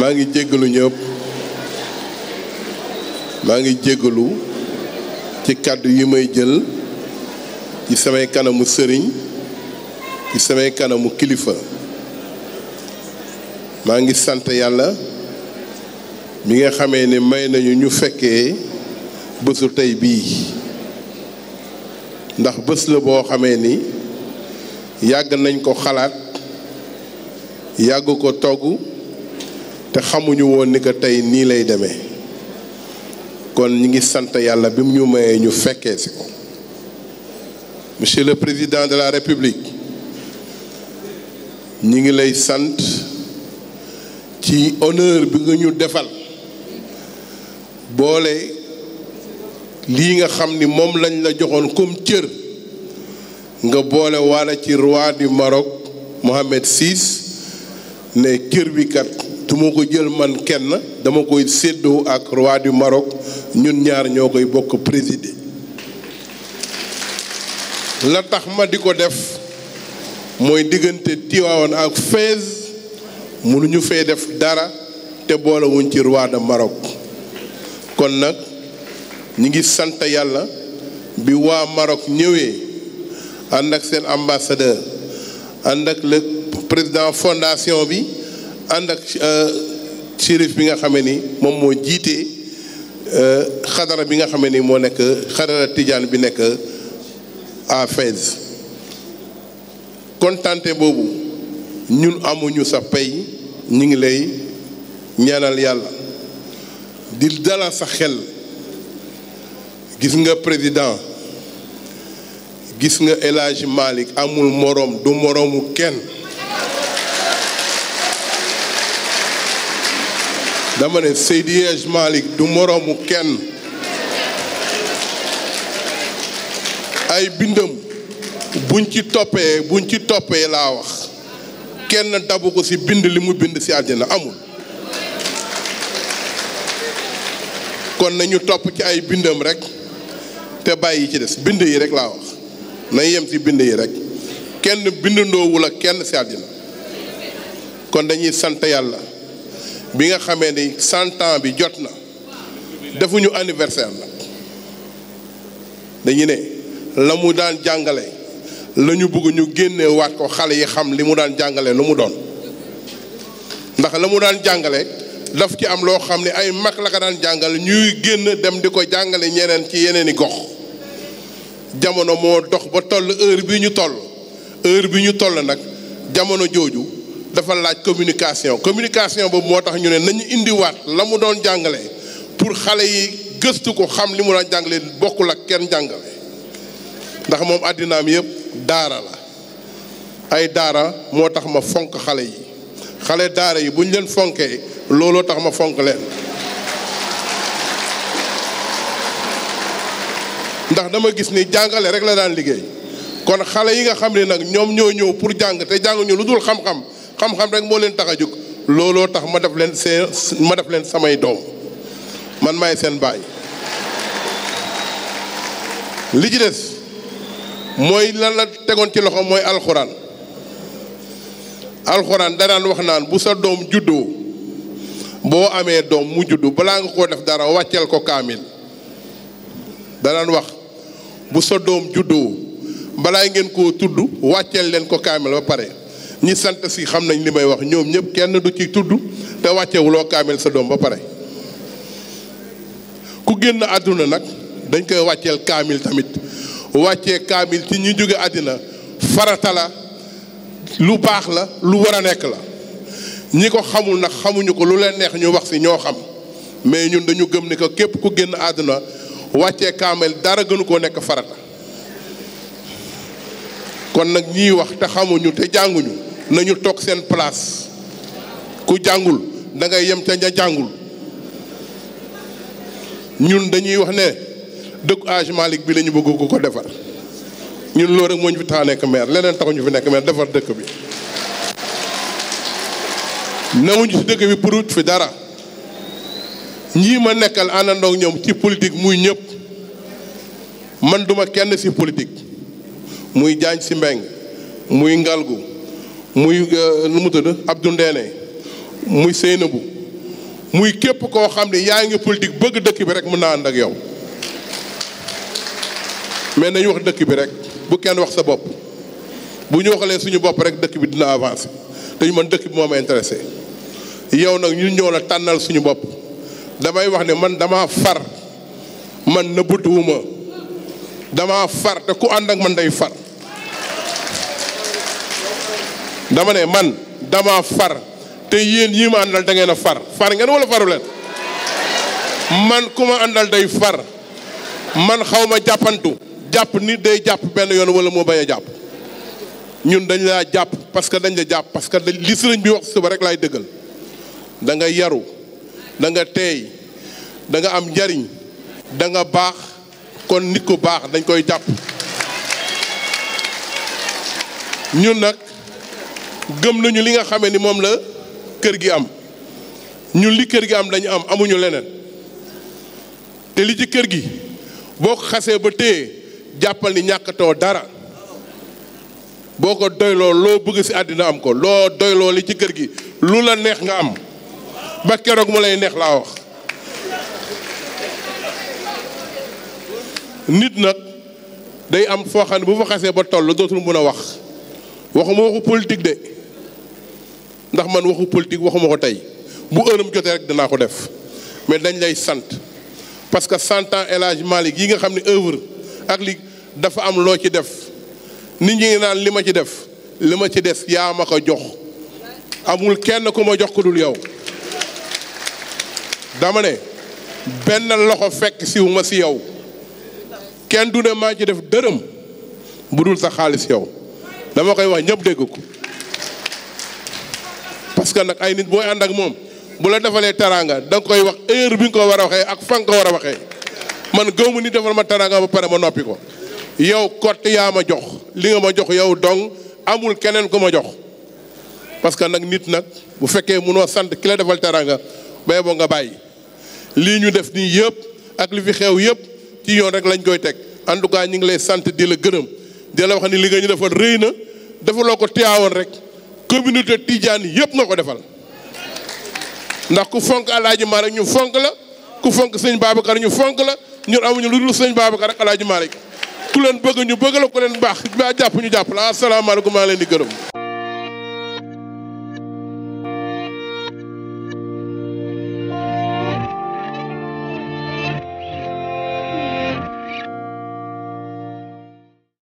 maa ngi jéggalu ñëpp maa ngi jéggalu ci kàddu yi may jël ci samay kanamu sëriñ ci samay kanamu kilifa maa ngi sant yàlla mi nga xamee ni may nañu ñu fekke bésu tey bii ndax bés la boo xamee ni yàgg nañ ko xalaat yàgg ko togg te xamuñu woon ni que tey nii lay demee kon ñi ngi sant yàlla bi mu ñu mayee ñu fekkee si ko monsieur le président de la république ñi ngi lay sant ci honneur bi nga ñu defal boole lii nga xam ni moom lañ la joxoon comme cër nga boole waala ci roi du Maroc Mohamed VI ne cër bi kat du ko jël man kenn dama koy séddoo ak roi du Maroc ñun ñaar ñoo koy bokk présider la tax ma di ko def mooy diggante Tivaouane ak Fès mënuñu fee def dara te boolewuñ ci roi du Maroc kon nag ñi ngi sant yàlla bi waa Maroc ñëwee ànd ak seen ambassadeur ànd ak le président fondation bi ànd ak euh, shérif bi nga xamee ni moom moo jiite euh, xadara bi nga xamee ni moo nekk xadara tijaan bi nekk à Fès kontante boobu ñun amuñu sa pay ñu ngi lay ñaanal yàlla di dalal sa xel gis nga président gis nga El malik amul moroom du moroomu kenn dama ne Seydi Hadji Malick du moroomu kenn ay bindam buñ ci toppee buñ ci toppee laa wax kenn dabu ko ci bind li mu bind ci àddina amul kon nañu topp ci ay bindam rek te bàyyi yi ci des bind yi rek laa wax na yem ci bind yi rek kenn bindandoo wul kenn ci àddina kon dañuy sant yàlla bi nga xamee ni cent bi jot na defuñu anniversaire la dañu ne la mu daan jàngale la ñu bëgg ñu génnee waat ko xale yi xam li mu daan jàngale lu mu doon ndax la mu daan jàngale daf ci am loo xam ne ay mag la ko daan jàngale ñuy génn dem di ko jàngale ñeneen ci yeneen i gox jamono moo dox ba toll heure bi ñu toll heure bi ñu toll nag jamono jooju dafa laaj communication communication boobu moo tax ñu ne nañu indiwaat la mu doon jàngale pour xale yi gëstu ko xam li mu doon jàngale bokkul ak kenn jàngale ndax moom àddinaam yëpp daara la ay daara moo tax ma fonk xale yi xale daara yi bu ñu leen fonkee looloo tax ma fonk leen ndax dama gis ni jàngale rek la daan liggéey kon xale yi nga xam ne nag ñoom ñoo ñëw pour jàng te jànguñu lu dul xam-xam xam-xam rek moo leen tax a jóg looloo tax ma def leen seen ma def leen samay doom man maay seen baay li ci des mooy lan la tegoon ci loxo mooy alxuraan alxuraan danaan wax naan bu sa doom juddoo boo amee doom mu juddu balaa nga koo def dara wàcceel ko kaamil danaan wax bu sa doom juddoo balaa ngeen koo tudd wàcceel leen ko kaamil ba pare ñi sant si xam nañ li may wax ñoom ñëpp kenn du ci tudd te wàccewuloo kaamil sa doom ba pare ku génn àdduna nag dañ koy wàcceel kaamil tamit wàccee kaamil ci ñi jóge àddina farata la lu baax la lu war a nekk la ñi ko xamul nag xamuñu ko lu leen neex ñu wax si ñoo xam mais ñun dañu gëm ni ko képp ku génn àdduna wàccee kaamil dara gënu koo nekk farata kon nag ñiy wax te xamuñu te jànguñu nañu toog seen place ku jàngul da ngay yem ca ña jàngul ñun dañuy wax ne dëkku Age Malick bi lañu ñu bëgg ku ko defar ñun loolu rek moo ñu fi tax a nekk maire leneen taxu ñu fi nekk maire defar dëkk bi nawuñu ci dëkk bi pour fi dara ñii ma nekkal àndandoo ak ñoom ci politique muy ñëpp man duma kenn si politique muy jaañ ci mbeng muy ngalgu muy euh, nu mu tudd Abdou Ndéné muy sey Seynabou muy képp koo xam ne yaa ngi politique bëgg dëkk bi rek mën naa ànd ak yow mais nañu wax dëkk bi rek bu kenn wax sa bopp bu ñu waxalee suñu bopp rek dëkk bi dina avancer te ñu man dëkk bi moo ma yow nag ñu ñëw la tànnal suñu bopp damay wax ne man dama far man nëbbatuwuma dama far te ku ànd ak man day far dama ne man dama far te yéen yii ma àndal da ngeen a far far ngeen wala faru man ku ma àndal day far man xawma jàppantu jàpp nit day jàpp benn yoon wala moo bañ jàpp ñun dañ laa jàpp parce que dañ la jàpp parce que li sëriñ bi wax suba rek laay dëggal da nga yaru da nga teey da nga am njariñ danga baax kon nit ku baax dañ koy jàpp ñun nag gëm nañu li nga xamee ni moom la kër gi am ñu li kër gi am lañu am amuñu leneen te li ci kër gi boo ko xasee ba téye jàppal ni ñàkkatoo dara boo ko doyloo loo bëgg ci àddina am ko loo doyloo li ci kër gi lu la neex nga am ba keroog mu lay neex laa wax nit nag day am foo xam ne bu fa xasee ba toll dootul mën a wax waxuma waxu politik de ndax man waxu politique waxuma ko tey bu ëram jotee rek danaa ko def mais dañ lay sant parce que cent ans El Hadj nga xam ne œuvre ak lii dafa am loo ci def nit ñi ngi naan li ma ci def li ma ci des yaa ma ko jox amul kenn ku ma jox ko dul yow dama ne benn loxo fekk siwu ma si yow kenn du ne maa ci def dërëm bu dul sa xaalis yow dama koy wax ñëpp dégg ko que nag ay nit booy ànd ak moom bu la defalee teraanga da koy wax heure bi nga ko war a waxee ak fan nga war a waxee man gëw ma ni defal ma teraanga ba pare ma noppi ko yow kott yaa ma jox li nga ma jox yow dong amul keneen ku ma jox parce que nag nit nag bu fekkee munoo sant ki la defal teraanga bay boo nga bàyyi lii ñu def nii yëpp ak li fi xew yëpp ci yoon rek lañ koy teg en tout cas ñu ngi lay sant di la gërëm di la wax ni li nga ñu defal rëy na defaloo ko tiyaawoon rek communauté Tidiane yëpp na ko defal ndax ku fonk Alaaji Malick ñu fonk la ku fonk sëñ Babacar ñu fonk la ñun amuñu lu dul sëñ Babacar ak Alaaji Malick ku leen bëgg ñu bëgg la ku leen baax ba jàpp ñu jàpp la asalaamaaleykum maa leen di gërëm